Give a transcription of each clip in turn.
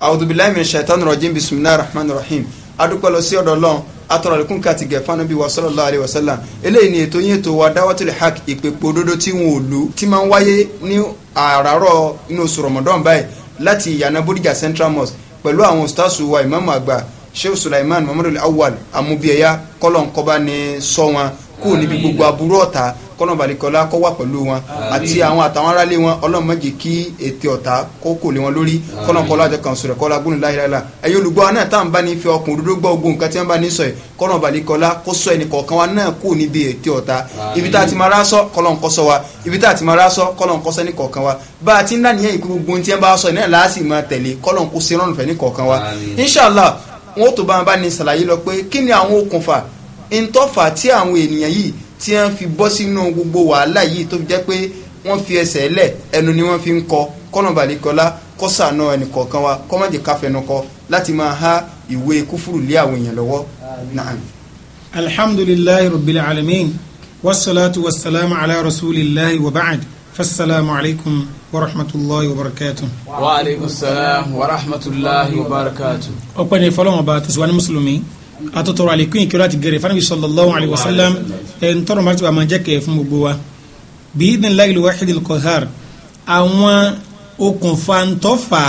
awudubilayi mi ṣaitan rọjin bisimilayi rahman rahim adúpẹ́ lọ sí ọ̀dọ̀ Ọlọ́run atọrọ àlékún ká ti gẹ fún Ànábì wasallam eléyìí ni ètò yín ètò wa dáwọ́tìlẹ̀ hak ìpèpò òdodo tí wọn ò lu tí máa ń wáyé ní àràárọ̀ inú oṣù rọmọdán báyìí láti ìyànà bódìjà central mosque pẹ̀lú àwọn ustaasu wa ìmáàmù àgbà sheikh sulaiman muhammadu awwal amubiyeya kọlọ̀nkọba ni sọ wọn kúrò níbi gbogbo aburú ọ̀tá kọ́nà balikọ́lá kó wà pẹ̀lú wọn àti àwọn àtàwọn aráalé wọn ọlọ́run má jẹ́ kí ètè ọ̀tá kó kò lé wọn lórí kọ́nà kọ́lá jẹ́ kàn sọ̀rọ̀ kọ́lá gbóni láyéláyélá ẹ̀yin olùgbọ́ náà tá à ń bá ní fi ọkùn òdodo gbọ́ ogun nǹkan tí wọ́n bá ní sọ yìí kọ́nà balikọ́lá kó sọ ẹnì kọ̀ọ̀kan wa náà kó níbi ètè ọ̀tá ibi tá a ti máa rá sọ kọ́lọ́n kó ṣọ́ wa ibi tá a ti máa rá sọ kọ́lọ́n a ti ni àwọn tí wọ́n fi bọ́ sínú gbogbo wàhálà yìí tó fi jẹ́ pé wọ́n fi ẹsẹ̀ lẹ̀ ẹnu ni wọ́n fi ń kọ kọ́nà balẹ̀kọ́lá kọ́sàánú ẹnìkọ̀ọ̀kan wa kọ́mọ̀jẹ̀ káfẹ́nu kọ láti máa há ìwé kúfúrú lé àwọn èèyàn lọ́wọ́ naam. alhamdulilayi rabbil alamin wasalaatu wasalaamu ala rasulillahi wa ba'd fasalaamu alaykum wa rahmatulahi wa barakatu. wa aleykum salaam wa rahmatulahi wa barakatu. ọpẹ́ ni fọlọ́mọba tó sọ wa mùsùlùmí atọtọrọ àlékún ìkẹrọ àti gẹrẹ fanabi sallallahu alayhi wa sallam ẹ n tọrọ martaba máa jẹ kẹ fún gbogbo wa biidhnillahi al-wahid al-qahhar àwọn okùnfà ntọ́fà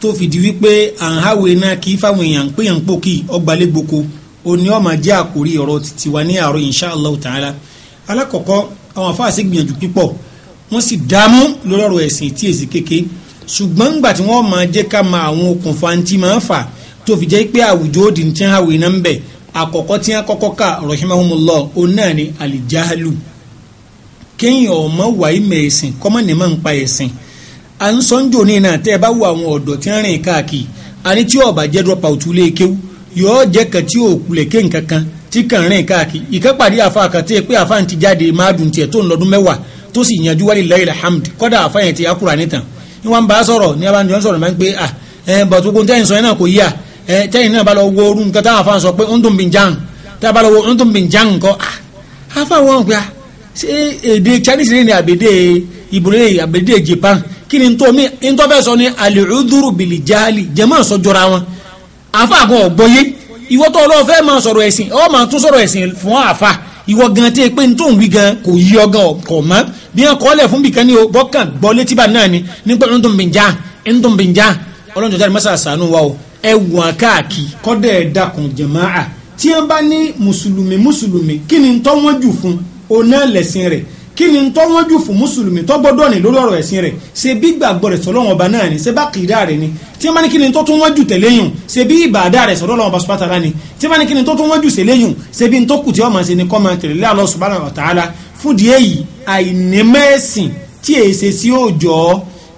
tó fìdí wípé àǹháwe náà kì í fáwọn èèyàn pé yàn pòkì ọgbàlégboko òní ọmọ jẹ́ àkórí ọ̀rọ̀ títí wa ní àárọ̀ insha Allah ta'ala alákọ̀ọ́kọ́ àwọn afáàsì gbìyànjú pípọ̀ wọ́n sì dààmú lórí ọ̀rọ̀ ẹ̀sìn tí èsì kéke ṣùgbọ́n nígbà tí wọ́n jẹ́ ká ma àwọn okùnfà fà á tó fi jẹ́ pé àwùjọ òdì tí wọ́n hàwé náà ń bẹ̀ àkọ́kọ́ tí wọ́n kọ́kọ́ kà rahimahumullah òun náà ni alijahalu kéèyàn ọmọ wàyí mẹ̀ẹ̀sìn kọ́mọ̀ ní máa ń pa ẹ̀sìn à ń sọ ń jò ní iná tẹ́ ẹ bá wo àwọn ọ̀dọ́ tí wọ́n rìn káàkiri àní tí kan tí kàn rìn káàkiri ìkẹ́pàdé àfa pé àfa ti jáde máa dùn tiẹ̀ tó ń lọ́dún mẹ́wàá tó sì yanjú wálé lẹ́yìn alhamd akura nìtàn ẹ tẹ́yìn náà bá lọ wo orú nǹkan táwọn afáàn sọ pé ń dùn bí jàn táwọn bá lọ wo ń dùn bí jàn nǹkan afáwọn gbà ṣé èdè Chinese ní àbèdè ibùdó àbèdè Japan kí ni tó mi ń fẹ́ sọ ni alìrúdúrú bìlì jáàlì jẹ́mọ́ sọ jọra wọn afáàgùn ọ̀gbọ́yé ìwọ tó lọ́ọ́ fẹ́ máa sọ̀rọ̀ ẹ̀sìn ọ́ máa tún sọ̀rọ̀ ẹ̀sìn fún àfa ìwọ gan tí e pé n wí gan kò yí ọ gan kọ̀ mọ́ bí wọn kọ́ lẹ̀ fún bìkan ní o bọ́kàn gbọ́ létí bá náà ni nígbà tó ń tó bìjà ń tó ń bìjà ọlọ́run jọjá wa o ẹwùn káàkiri kọ́dẹ̀ ẹ̀dàkùn Jamaa tí wọ́n bá ní mùsùlùmí mùsùlùmí kí ni tọ́ wọ́n jù fún oná lẹ̀sìn rẹ̀ kí ni tọ́ wọ́n jù fún mùsùlùmí tọ́ gbọ́dọ̀ ní lórí ọ̀rọ̀ ẹ̀sìn rẹ̀ ṣe bí gbàgbọ́ rẹ̀ sọ́lọ́wọ́n ọba náà ni ṣe bá kìlá rẹ̀ ni tí wọ́n bá ní kí ni tọ́ tún wọ́n jù tẹ̀léyùn ṣe bí ìbàdà rẹ̀ sọ́lọ́wọ́n ọba subhanahu wa ta'ala ni tí wọ́n bá ní kí ni tọ́ tún wọ́n jù sẹ́lẹ̀yùn ṣe bí ntọ́kù tí wọ́n ṣe ni kọ́ tẹ̀lé Allah subhanahu wa ta'ala fún díẹ̀ yìí àìnímẹ́sìn tí èsè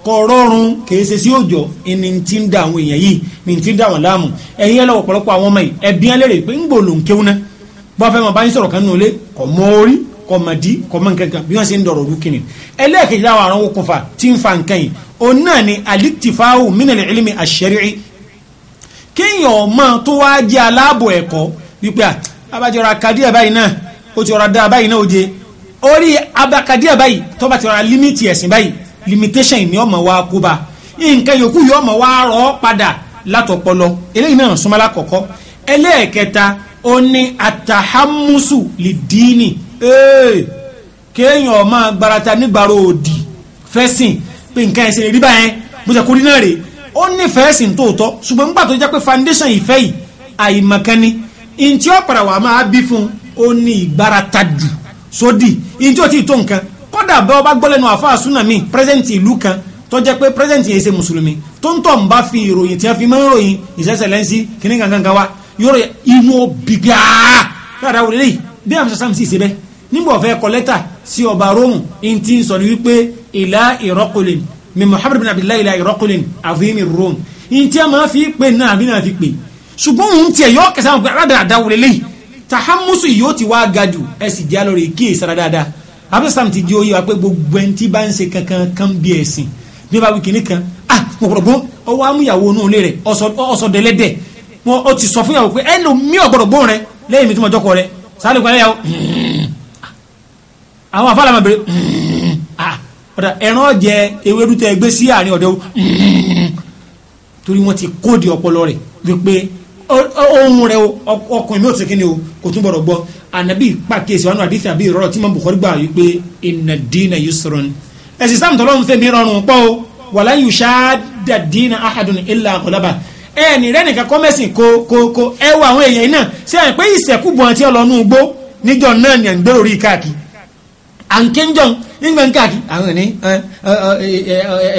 kò rọrùn kìí sí òjò ẹni tí ń da àwọn èèyàn yìí ni tí ń da wọn láàmú ẹ̀yin ẹ lọ́wọ́ ọ̀pọ̀lọpọ̀ àwọn ọmọ yìí ẹbí ẹ lérè pé ń gbò ló ń kéwọn náà bá fẹ́ máa bá yín sọ̀rọ̀ kan nínú ilé kò mọ orí kò mọ dí kò mọ nǹkan kan bí wọ́n ṣe ń dọ̀rọ̀ olúkìnnì ẹlẹ́ẹ̀kejì láwọn àrùn okùnfà tí ń fa nǹkan yìí òun náà ni aliktifaahu minal ilmi ash kéèyàn máa tó wá jẹ́ aláàbò ẹ̀kọ́ wípé abájọra ẹ̀ báyìí náà limitation ìní ọmọ wa kó ba nǹkan yòókù yóò ọmọ wa rọ padà látọpọlọ eléyìí náà súnmọ́lá kọ̀kọ́ ẹlẹ́ẹ̀kẹta ó ní atahamusu lidini ee kéèyàn ọmọ gbarata nígbàrá òdì fẹ́sìn pé nǹkan ẹ̀sìn rí báyẹn bó ṣe kó rí náà rè ó ní fẹ́sìn tóòtọ́ ṣùgbọ́n nígbà tó jẹ́ pé foundation ìfẹ́ yìí àìmọ̀kánni ntí ó padà wà máa bí fún un ó ní ìgbárata jù sódì ntí ó ti tó nǹkan kódà bẹ́ẹ̀ ọba gbọ́lẹ́nu àfa àsúná mi pírẹsẹ̀ǹtì ìlú kan tó jẹ́ pé pírẹsẹ̀ǹtì yẹn ṣe mùsùlùmí tó ń tọ̀ ń bá fi ìròyìn tí wọ́n fi máa ń ròyìn ìṣẹ́sẹ̀lẹ́nsì kìnnì kankan wa yóò rẹ̀ inú bìgbà dáadáa wòlé yìí bí àmì sàmì sì ṣe bẹ́ẹ̀ nígbà ọ̀fẹ́ kọ lẹ́tà sí ọba rómù ń ti sọ ní wípé ìlà ìrọ́kùlìn mi muhammed bin abdullahi ìlà ìrọ́kùlìn àfihàn rómù ń tí a máa fi pè náà àbí náà fi pè ṣùgbọ́n òun tiẹ̀ yọ kẹsàn-án gbàdá dáadáa wòlé yìí tàhámùsù ti wá gajù ẹ̀ sì já kí èsàrà dáadáa abdulsalam ti di oyè wa pé gbogbo ẹni tí bá ń ṣe kankan kan bí ẹ̀sìn bí wọ́n bá wí kínní kan ah mo gbọ́dọ̀ gbọ́ ọwọ́ amúyàwó inú ilé rẹ̀ ọ̀sọ̀dẹ̀lẹ́dẹ̀ wọn ó ti sọ fún yàwó pé ẹnu mi ò gbọ́dọ̀ gbóhùn rẹ lẹ́yìn mi tí mo jọ́kọ̀ rẹ sáré kan yàwó àwọn afárá máa bèrè ah, ọ̀dà ẹran jẹ ewédú tẹ gbé sí àárín ọ̀dẹ́wò torí wọ́n ti kóòdì ọpọlọ rẹ̀ wípé ohun rẹ ọkùnrin mi ò sèkínni o kò tún gbọdọ̀ gbọ́ anabi pàkíyèsí wàhánu àdìsí àbí ìrọ̀rọ̀ tí màmú Bukhari gbà yìí pé ina dina yusrun ẹ̀sìn sáàmù tọ́lọ́run fẹ́ mi rọrùn pọ́ o wala yushadda dina ahadun illa ghalaba ẹ̀ ní rẹ́ nìkan kọ́mẹ́sìn kó kó kó ẹ wọ àwọn èèyàn náà ṣe é pé ìsẹ̀kú bọ̀ àti ọlọ́nu gbó níjọ náà ní à àǹkéńjọ nígbà ń káàkiri àwọn ò ní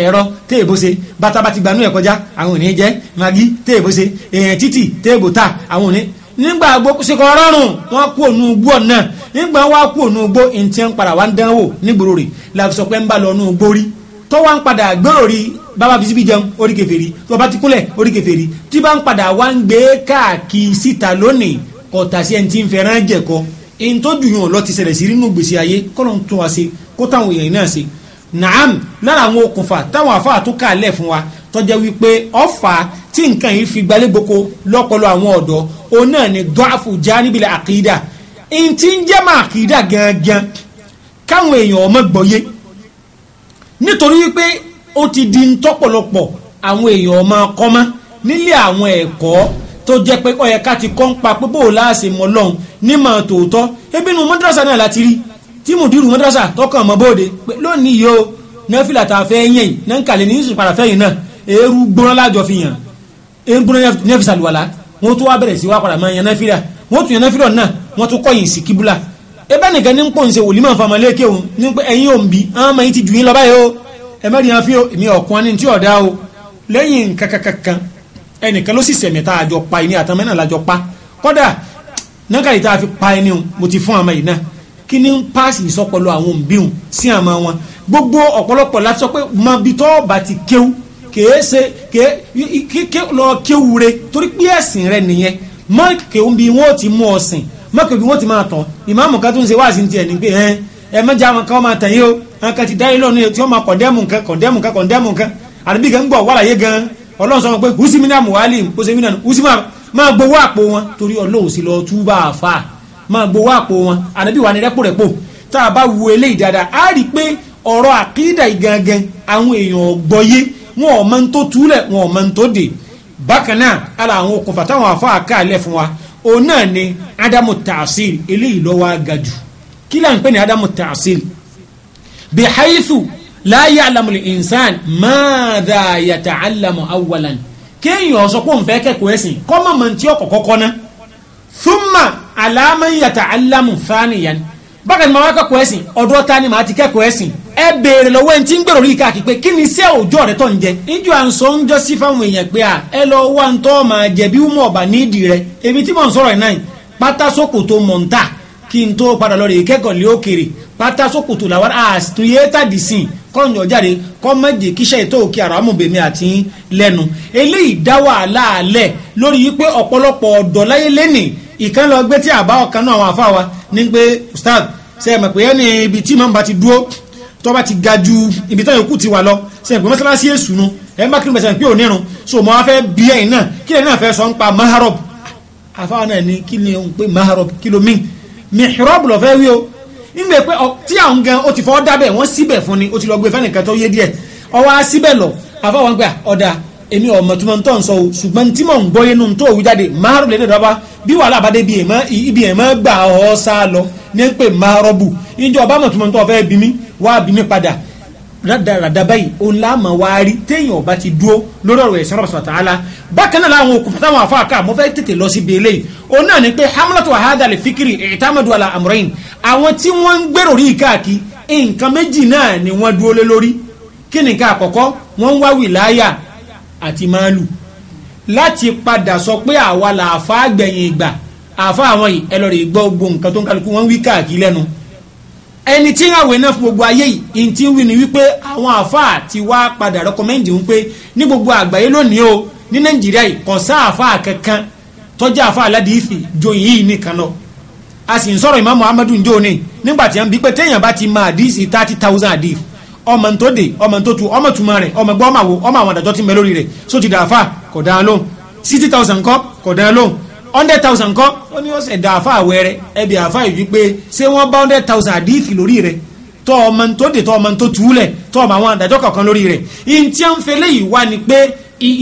ẹ̀rọ téèbó ṣe bàtà bá ti gbanú ẹ̀ kọjá àwọn ò ní jẹ́ magi téèbó ṣe èèyàn títì téèbó ta àwọn ò ní nígbà gbókùsíkọ rọrùn wọn kú ònú ugbó náà nígbà wọn kú ònú ugbó ntí ń padà wá ń dánwò nígboro rè láti sọ pé ń bá lọ ọnú ugbó rí tó wá ń padà gbèrò rí bàbá fi síbi jẹun orí kèfèrí tó bá ti kúnlẹ̀ orí kèfèrí tí bá ń padà wá ń gbé káàkiri síta lónìí kọ̀tà èyí tó dùn yàn lọ ti ṣẹlẹ̀ sí nínú gbèsè ayé kọ́lọ́n tún wa ṣe kó táwọn èèyàn náà ṣe naam lára àwọn okùnfà táwọn àfáà tó kà lẹ̀ fún wa tọ́jẹ́ wípé ọ̀fà tí nǹkan yìí fi gbalẹ̀ gboko lọ́pọ̀lọ́ àwọn ọ̀dọ́ òun náà ni dọ́àfù já níbi àkìdá èyí tí ń jẹ́ máa àkìdá gangan káwọn èèyàn ọmọ gbọ́yé nítorí wípé ó ti di ń tọ́pọ̀lọpọ̀ àwọn èèyàn ọmọ kọ́mọ́ nílé àwọn ẹ̀kọ́ tó jẹ́ pé ó yẹ ká ti kọ́ ń pa pé bóò láàṣẹ mọ́ lọ́hùn nímọ̀ tòótọ́ ebi nu mọ́dúrásà náà láti rí tí mùdírù mọ́dúrásà tọkàn mọ́ bóde pé lónìí yìí o nẹ́fìlà tá a fẹ́ yẹn yìí náà ń kàlẹ́ ní yusuf parafẹ́ yìí náà eérú gbóná lájọ fi yàn eérú gbóná nẹ́fì sàlùwàlà wọ́n tún wá bẹ̀rẹ̀ sí wá padà máa yan nẹ́fìlà wọ́n tún yan nẹ́fìlà náà wọ́n tún kọ́yìn sí kíbúlà ebe nìkan ní pọ̀ ń ṣe wòlímọ̀ fama lékè òun ní pé ẹ̀yin ò ń bi àwọn ọmọ yìí ti jù yín lọ báyìí o ẹ mẹ́rin yẹn fi èmi ọ̀kan ní tí ọ̀dá o lẹ́yìn kankankan ẹnìkan ló sì sẹ̀mí tá a jọ pa ẹni àtàmẹ́ náà la jọ pa kódà náà yìí tá a fi pa ẹni o mo ti fún àmọ́ yìí náà kí ni ń paasi ìsọpọlọ àwọn òbí wọn sí àmọ́ wọn gbogbo ọ̀pọ̀lọpọ̀ la sọ pé mọ bí tọ́ bá ti kéwu kèé ṣe kéé lọ kéwu re torí pé ẹ̀sìn rẹ nìyẹn mọ kéwu bí wọn ti mú ọ sìn mọ kéwu bí wọn ti máa tàn ìmáàmù kan tó ń ṣe wáàsí ti ẹ̀ ní pé ẹ ẹ mẹjá wọn kan máa tàn o wọn kan ti dá yín lọ́nà yẹn tí wọ́n máa kọ̀ndẹ́mù nǹkan kọ̀ndẹ́mù nǹkan kọ̀ndẹ́mù nǹkan àdébí kan gbọ̀ wàlàyé gan ọlọ́run sọ pé húsìmínà muhalim húsìmínà húsìmínà máa gbowó àpò wọn torí ọlọ́run sì lọ túbà àfà máa gbowó àpò wọn ànábì wà ní rẹ́pọ̀rẹ́pọ̀ tá a bá wo eléyìí dáadáa á rí i pé ọ̀rọ̀ àkídà ìgangan àwọn èèyàn gbọ́yé wọn ò mọ tó túlẹ̀ wọn ò mọ tó dè bákan náà ara àwọn okùnfà táwọn afọ àkàlẹ̀ fún wa òun náà ni adamu tààsìl eléyìí lọ́wọ́ agajù kí láà ń pè ní ádámù la ya'lamu al-insan madha yata'allamu awwalan kéèyàn sọ pé òun fẹ́ kẹ́kọ̀ọ́ ẹ̀sìn kọ́ mọ̀ mọ̀ tí ọkọ̀ kọ́kọ́ ná thumma ala man yata'allamu thaniyan bákan ni màá wá kẹ́kọ̀ọ́ ẹ̀sìn ọ̀dọ́ ta ni màá ti kẹ́kọ̀ọ́ ẹ̀sìn ẹ béèrè lọ́wọ́ ẹni tí ń gbèrò rí káàkiri pé kí ni iṣẹ́ òòjọ́ rẹ tó ń jẹ. níjọ à ń jọ sí fáwọn èèyàn pé ẹ lọ wá ń tọ́ máa jẹ̀bi mọ̀ ọ̀bà nídìí rẹ èmi tí mò ń sọ̀rọ̀ ẹ̀ náà pátáṣókòtò mọ̀ntà kí n tó padà lọ rè kẹ́kọ̀ọ́ lé òkèrè pátáṣókòtò làwọn àtúnyẹ́tàdìsìn kọ́nyọ̀ jáde kọ́mẹ́jì kíṣẹ́ ètò òkè àràmù bèmi àti lẹ́nu eléyìí dá wàhálà alẹ́ lórí wípé ọ̀pọ̀lọpọ̀ ọ̀dọ́ láyé lẹ́nì ìkan lọ gbé tí àbá ọ̀kan náà àwọn àfa wa ní pé ustaz ṣe é mọ̀ pé ẹni ibi tí màmú bá ti dúró tó bá ti ga ju ibi tó yòókù ti wà lọ ṣe é pé mọ́sálásí èṣù nu ẹ̀ má kírun bẹ̀sẹ̀ pé ò nírun so mo wá fẹ́ bí ẹ̀yìn náà kí ẹ̀yìn náà fẹ́ sọ ń pa maharob àfa náà ni kí ni òun pé maharob kí ló mí mihrab lọ fẹ́ wí o nígbà pé tí àwọn gan ó ti fọ́ dábẹ̀ wọ́n síbẹ̀ fún ni ó ti lọ gbé fẹ́nìkan tó yé díẹ̀ ọwọ́ á lọ àfọwọ́n gbà ọ̀dà èmi ọmọ tí mo ń tọ́ ń o ṣùgbọ́n tí mò ń gbọ́ inú tó òwú jáde márùn lè dọ̀dọ̀ bá bí wàhálà bá dé ibi ẹ̀ mọ́ gbà ọ́ sá lọ ní pé márọ́bù ìjọba mọ̀ tí mo ń tọ́ fẹ́ bí mi wá bí mi padà rádaràdà báyìí òun láàmà wá rí téèyàn ọba ti dúró lórí ọ̀rọ̀ ẹ̀sìn ọ̀rọ̀ sọ̀tà àlà bákan náà làwọn òkùnfà táwọn afọ àká mo fẹ́ tètè lọ sí ibi eléyìí òun náà ni pé hamlatu ahada lè fikiri ìtàmàdù àlà àmúrẹ́yìn àwọn tí wọ́n ń gbèrò rí káàkiri nǹkan méjì náà ni wọ́n dúró lé lórí kí ni nǹkan àkọ́kọ́ wọ́n ń wá wìláyà àti máàlù láti padà sọ pé àwa làáfà gbẹ̀yìn ìgbà àfa àwọn ẹlọ́rìí gbọ́ gbogbo nǹkan tó ń kálukú wọ́n wí káàkiri lẹ́nu ẹni tí ń àwẹ̀ náà fún gbogbo ayé yìí ntí wí ni wípé àwọn àáfàá ti wá padà rẹkọmẹ́ndì ń pé ní gbogbo àgbáyé lónìí o ní nàìjíríà yìí kò sá àáfàá kankan tọ́jú àáfàá aládìífì joyìn yìí nìkan lọ a sì ń sọ̀rọ̀ ìmáàmù amadu njó ni nígbà tí a ń bí pé téèyàn bá ti máa àdìsí thirty thousand àdìf ọmọ tó de ọmọ tó tu ọmọ tuma rẹ ọmọ gbọ́ ọmọ àwọ ọmọ àwọn àdàjọ́ ti mẹ lórí rẹ̀ só dàáfà kò dáa lóhùn sixty thousand kọ́ kò dáa lóhùn hundred thousand kọ́ ó ní ọ̀sẹ̀ dà àfa àwẹ̀rẹ̀ ẹbí àfa ìjú pé ṣé wọ́n bá hundred thousand àdìsí lórí rẹ̀ tọ́ ọmọ tó dé tọ́ ọmọ tó túlẹ̀ tọ́ ọmọ àwọn àdájọ́ kankan lórí rẹ̀ ìntí à ń yìí wá ni pé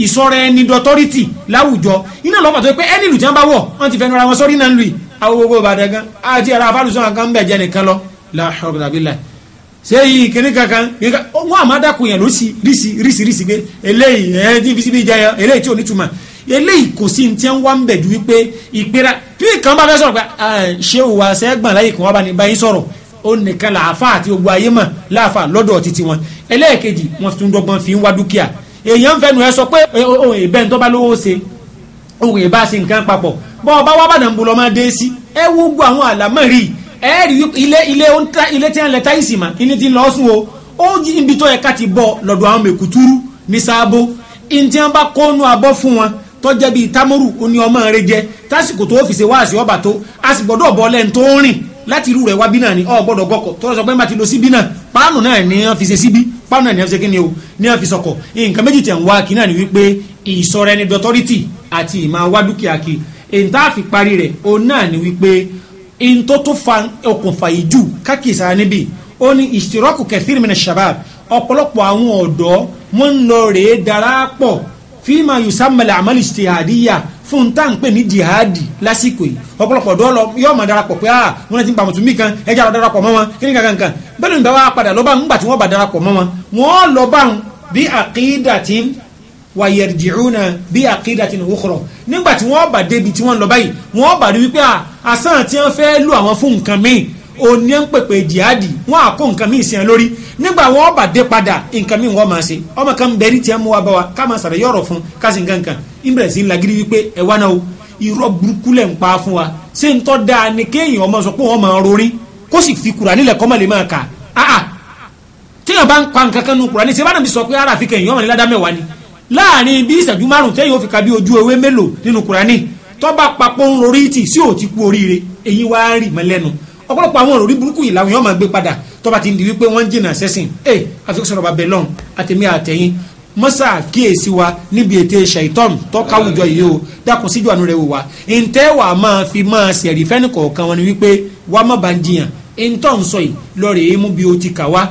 ìsọ̀rọ̀ ẹni dọ́tọ́rìtì láwùjọ iná lọ́pàá tó yẹ pé ẹni ìlú tí wọ́n bá wọ̀ wọ́n ti fẹnu ara wọn sọ́rí náà ń lu àwọn gbogbo ìbàdàn gan àti ara afárùsọ̀ kan ń bẹ̀ jẹ́ nìkan lọ láhọ́gbàbílà ṣé yìí kìnní kankan wọ́n àmọ́ dákun yẹn ló sì rísì gbé eléyìí ẹ̀ ẹ́ fi síbi jẹ́ eléyìí tí ò ní túmọ̀ eléyìí kò sí ní tí ń wá ń bẹ̀ ju wípé ìpera bí nǹkan bá fẹ́ sọ̀rọ̀ pé ah, ṣé o wa sẹ́gbọ̀n láyè kí wọ́n bá ní báyìí sọ̀rọ̀ ó nìkan làáfà àti gbogbo ayé mọ̀ láàfà lọ́dọ̀ títí wọn ẹlẹ́ẹ̀kejì wọn tún dọ́gbọ́n fi ń wá dúkìá èèyàn fẹnu ẹ sọ pé òun ìbẹ́ ní tó bá lówó ṣe òun ìbá ṣe nǹkan papọ̀ bọ́ ọba wá bàdàn bò lọ́mọ dé sí ẹ wo gbọ́ àwọn àlámọ̀ rí ẹ rí ilé ilé ilé tí wọn lẹ táyìsì mà ilé tí lọ sùn o ó ibi tó yẹ ká ti bọ̀ lọ́dọ̀ àwọn mẹ̀kútúrú ní sáàbò ìntì wọn abọ́ fún wọn tọ́jẹ́ bíi támọ́rù oní ọmọ rẹ jẹ tásìkò tó fi ṣe wáàsí ọba tó a sì gbọ́dọ̀ bọ́ lẹ́nu tó ń rìn láti irú rẹ̀ wá bí náà ni ọ gbọ́dọ̀ gọkọ̀ tọ́lọ́ sọ pé má ti lo síbí náà páànù náà ni wọ́n fi ṣe síbí páànù náà ni wọ́n fi ṣe kíni o ni wọ́n fi sọkọ̀ nǹkan méjì tẹ̀ ń wá kí náà ni wípé ìsọ̀rọ̀ ẹni dọ́tọ́rìtì àti ìmọ̀ wá dúkìá kí èyí tá a fi parí rẹ̀ ni wípé in tó tó fa okùnfà ìjù kákìsà níbí ó ní ìṣirọ́kù kẹfìrìmìnà shabab ọ̀pọ̀lọpọ̀ àwọn fíìmà yusammala amal ijtihadiyya fún tá à ní jihadi lásìkò yìí ọ̀pọ̀lọpọ̀ dọ́ lọ yóò máa darapọ̀ pé ah wọn lè ti ń pa mùsùlùmí kan ẹja lọ darapọ̀ mọ́ wọn kíni kankan kan bẹ́ẹ̀ ni bá wa padà lọ́ba ńgbà tí wọ́n bá darapọ̀ mọ́ wọn wọ́n lọ bá wọn bí aqidatin wa yarji'una bí aqidatin ukhra nígbà tí wọ́n bá débi tí wọ́n lọ báyìí wọ́n bá rí wípé ah àsán àti wọn fẹ́ lù àwọn fún nǹkan míì òní ń pèpè jihadi wọn àkó nǹkan mi ìsìn lórí nígbà wọn bá dé padà nǹkan mi wọn máa ṣe ọmọ kan bẹ̀rí tiẹ̀ mú wa bá wa ká máa sàrẹ̀ yọ̀rọ̀ fún ká sì nǹkan kan ìbẹ̀rẹ̀ sí lagiri wípé ẹ wá náà irọ́ burúkú lẹ̀ ń pa fún wa ṣé ń tọ́ da ni kéèyàn ọmọ sọ pé wọ́n máa rorin kó sì fi kura nílẹ̀ kọ́ mọ̀lẹ́ máa kà áà téèyàn bá ń pa nǹkan nu kura ní sèbáàdàn sọ pé ara àfikẹ́ èèyàn ọmọ nílá dá mẹ́wàá ni láàrin bí ìṣẹ́jú márùn téèyàn ó fi ka bí ojú ewé mélòó nínú kura ní papọ̀ ń rorí tì sí òtí kú oríire èyí wá rí mọ́lẹ́nu ọ̀pọ̀lọpọ̀ àwọn òrí burúkú yìí làwọn yóò máa gbé padà tọ́ba ti ń di wípé wọ́n ń jìnnà sẹ́sìn ẹ̀ àfikún sọ̀rọ̀ bàbá lọ́n àtẹ̀mí àtẹ̀yìn mọ́sá kíyèsí wa níbi ètè ṣàìtọ́n tọ́káwùjọ yìí o dákun síjú àánú rẹ̀ wò wá ǹtẹ́ wà máa fi máa ṣẹ̀rí fẹ́ni kọ̀ọ̀kan wọn ni wípé wàá má bá ń jiyàn ntọ́ ń sọ yìí lọ́ọ̀rẹ́ èémú bí o ti kà wá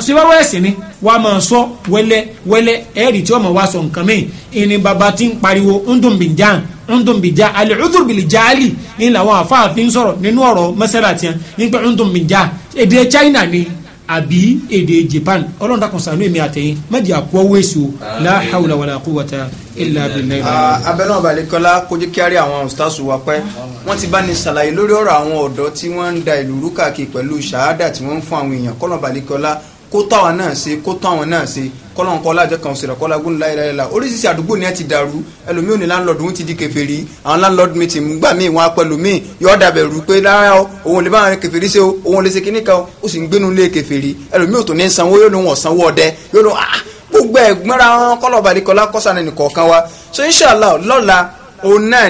sibawọ ẹsìn ni wàá máa sọ wẹlẹ wẹlẹ ẹẹrì tí wọn máa wá sọ nǹkan mi ìní baba ti ń pariwo ndùnbìjà ndùnbìjà alẹ ọdúnbìjàálì ìlànà àfààfin sọ̀rọ̀ nínú ọ̀rọ̀ mẹsàlá tiẹ nígbà ndùnbìjà èdè China ni àbí èdè japan ọlọ́run dàkún sànú èmi àtẹ̀yìn májì àkọ́ wẹ̀sì o la hawla wala quwwata illa billahi. abẹ́nú ọ̀bàlẹ́kọ́lá kojú kíárì àwọn ọ̀sítàṣù wa pẹ́ wọ́n ti bá ní ṣàlàyé lórí ọ̀rọ̀ àwọn ọ̀dọ́ tí wọ́n ń da ìlú rú káàkiri pẹ̀lú ṣàádà tí wọ́n ń fún àwọn èèyàn kọ́lọ̀ ọ̀bàlẹ́kọ́lá kó àwọn náà ṣe kó àwọn náà ṣe kọ́lọ́n kọ́lá jẹ́ kàn sèrè kọ́lá gún láyé láyé la oríṣiríṣi àdúgbò ni ẹ ti dàrú ẹlòmíì ò ní láńlọ́ọ̀dù ń ti di kẹfẹ́rí àwọn láńlọ́ọ̀dù mi ti ń gbà mí wọn apẹ̀lú mi yọ̀ọ́ dàbẹ̀ rú pé lára o òun lè bá àwọn kẹfẹ́rí ṣe o òun lè ṣe kíní kan o sì ń gbénu lé kẹfẹ́rí ẹlòmíì ò tó ní sanwó yóò ní wọn sanwó ọdẹ yóò ní ah, ah, gbogbo ẹgbẹ́ra wọn kọ́lọ̀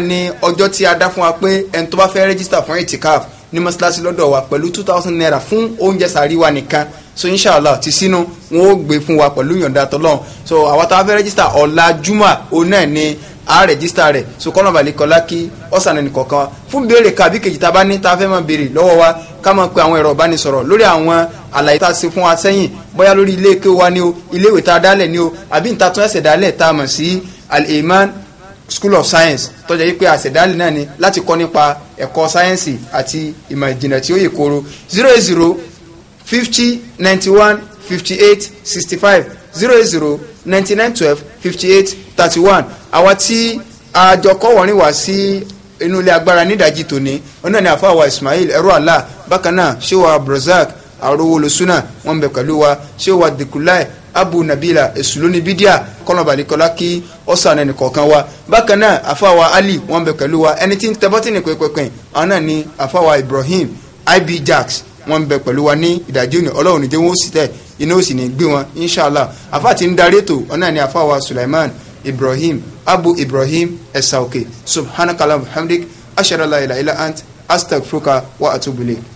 ni ọjọ́ tí wa pé two thousand naira fún oúnjẹ sàríwá nìkan so inshallah ti sínú wọn ó gbé fún wa pẹ̀lú ìyọ̀ǹda tọ́lọ́run so àwa tá a fẹ́ rẹ́gísítà ọ̀la juma òun náà e ni a rẹ́gísítà rẹ̀ so kọ́nà balẹ̀ kọ́lá kí ọ̀sán ẹnì kọ̀ọ̀kan wa fún béèrè kàbí kejì tá a bá ní tá a fẹ́ máa béèrè lọ́wọ́ wa ká máa pe àwọn ẹ̀rọ ìbánisọ̀rọ̀ lórí àwọn àlàyé tá a ṣe fún wa sẹ́yìn bóyá lórí ilé ike wa ni o ilé ìwé tá a dálẹ̀ ni o àbí níta tún ẹ̀sẹ̀ dálẹ̀ tá a mọ̀ sí al-iman school of science tó jẹ́ pé àṣẹ̀dálẹ̀ náà ni láti kọ́ nípa ẹ̀kọ́ sáyẹ́ǹsì àti ìmọ̀ ìjìnlẹ̀ tí ó yè kooro zero eight zero fifty ninety one fifty eight sixty five zero zero ninety nine twelve fifty eight thirty one àwa tí àjọkọ́ wọ̀nyí wá sí inú ilé agbára nídàájí tòní ọ̀nà ní àfàwà Ismail ẹ̀rọ àlà bákan náà ṣéwà Abdulrasaq àròwò lọ́sùnà wọn bẹ pẹ̀lú wa ṣéwà Dhikrlahi abu nabila esuloni bidia kọlọbalikọla kí ọsàn ẹnì kọ̀ọ̀kan wa bákan náà àfàwà ali wọn bẹ pẹ̀lú wa ẹni tí ń tẹ bọ́tìnì pẹ́pẹ́pẹ́ àwọn náà ni àfàwà Ibrahim ib jacks wọ́n ń bẹ pẹ̀lú wa ní ìdájí òní ọlọ́run ní jẹ́ wọ́n sì tẹ̀ iná òsì ní gbé wọn inshallah àfa ti ń darí ètò ọ̀nà ní àfa wa Sulaiman Ibrahim Abu Ibrahim Ẹ̀sà Òkè subhanakala muhammed asharala ilaha illa ant astagfuruka wa atubu ilayk.